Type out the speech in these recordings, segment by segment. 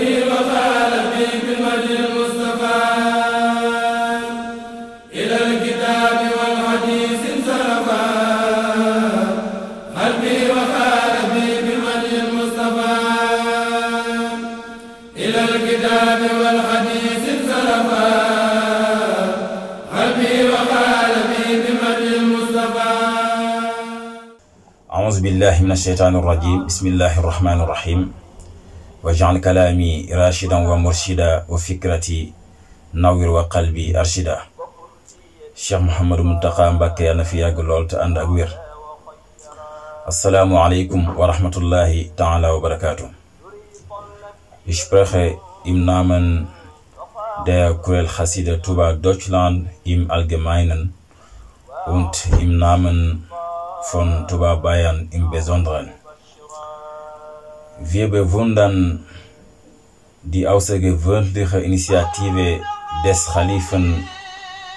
إلى أعوذ بالله من الشيطان الرجيم بسم الله الرحمن الرحيم واجعل كلامي راشدا ومرشدا وفكرتي nawir wa qalbi arshida cheikh mouhamadou muntaqa mbàkke yàlla na fi yàgg lool te ànd ak wér asalaamualeykum wa rahmatullahi taala wa barakaatu ich spreche im namen der kurel xasida tuba deutschland im allgemeinen und im namen von Tuba Bayern im Besonderen. Wir bewundern die außergewöhnliche Initiative des Khalifen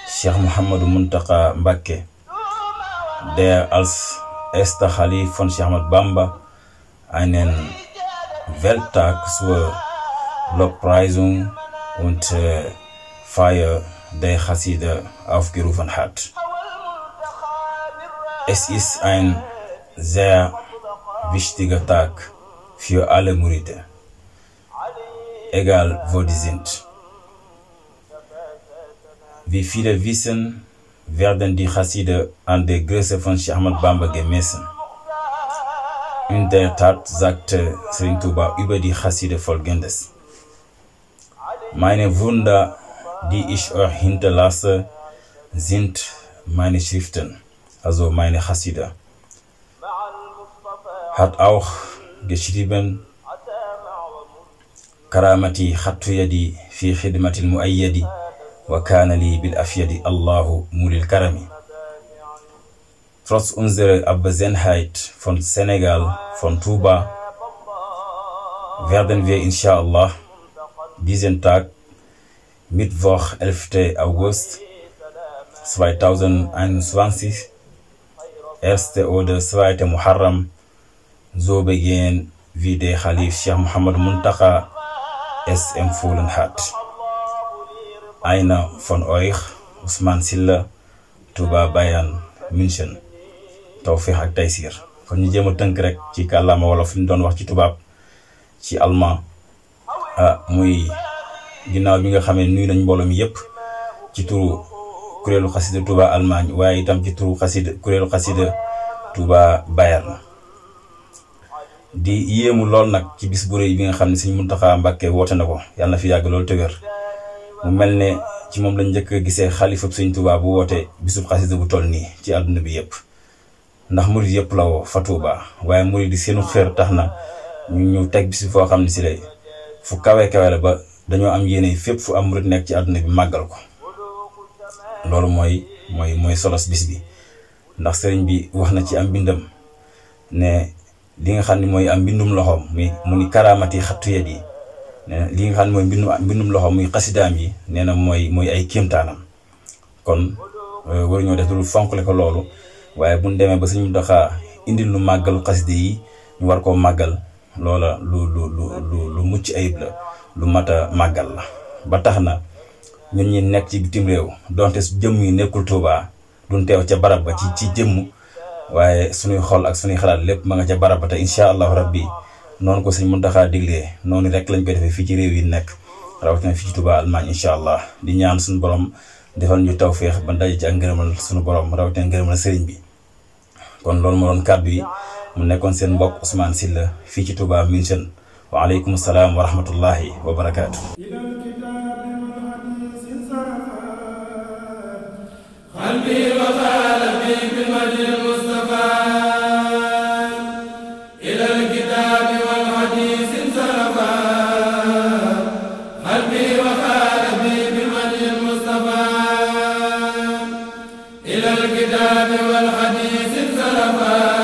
Sheikh Muhammad Muntaka Mbacke, der als erster Khalif von Sheikh Ahmad Bamba einen Welttag zur Lobpreisung und äh, Feier der Hasside aufgerufen hat. Es ist ein sehr wichtiger Tag für alle Muride, egal wo die sind. Wie viele wissen, werden die Chasside an der Größe von Cheikh Ahmad gemessen. In der Tat sagte Sering über die Chasside folgendes. Meine Wunder, die ich euch hinterlasse, sind meine Schriften. also meine Chassida, auch geschrieben, karamati xattu yadi fi xidmatil muayyadi wa li bil afyadi Allahu mulil karami. Trotz unserer Abwesenheit von Senegal, von Touba, werden wir inshallah diesen Tag, August erste oder zweite Muharram. so begehen, wie der Khalif Sheikh Mohammed Muntaka es empfohlen hat. Einer von euch, Ousmane Sylla, Touba Bayern, München. Tawfiq ak Taysir. kon ñu jéem a tënk rek ci kàllaama wala li ñu doon wax ci tubaab ci allemand ah, muy ginnaaw bi nga xamee nuyu nañ mbooloo mi yëpp ci turu. kuréelu xasida Touba Allemagne waaye itam ci turu xasida kuréelu xasida Touba Bayern di yéemu lool nag ci bis bu rëy bi nga xam ne Sëriñ Muntaxa Mbàkke woote na ko yàlla na fi yàgg loolu te mu mel ni ci moom lañ njëkk a gisee xalifab Sëriñ Touba bu wootee bisub xasida bu toll nii ci àdduna bi yëpp ndax murid yëpp la woo fa Touba waaye murid di seenu xër tax na ñu ñu teg bis foo xam ne si lay fu kawee kawe la ba dañoo am yéene fépp fu am murid nekk ci àdduna bi màggal ko loolu mooy mooy mooy solos bis bi ndax sëriñ bi wax na ci am bindam ne li nga xam ne mooy am mbindum loxoom muy mu ni karaamati xattu yet yi li nga xam ne mooy mbindum mbindum loxoom muy xasidaam yi nee na mooy mooy ay kéemtaanam kon euh, waruñoo def lu fonkle ko loolu waaye bu ñu demee ba suñu doxaa indi lu màggalu xasida yi ñu war koo màggal loola lu lu lu lu mucc ayib la lu mat a màggal la ba tax na ñun ñi nekk ci bitim réew donte jëmm yi nekkul Touba duñ teew ca barab ba ci ci jëmm waaye suñuy xol ak sunuy xalaat lépp ma nga ca barab ba te incha allahu bi noonu ko mun Muntaxa diglee noonu rek lañ koy defee fii ci réew yi nekk rawatina fii ci Touba Allemagne incha allah di ñaan suñu borom defal ñu tawféex ba ndaje ci ak ngërëmal suñu borom rawatina ngërëmal sëriñ bi kon loolu moo doon kàddu yi mu nekkoon seen mbokk si la fii ci Touba München waaleykum salaam wa rahmatullahi wa barakaatu. الكتاب والحديث انسلفا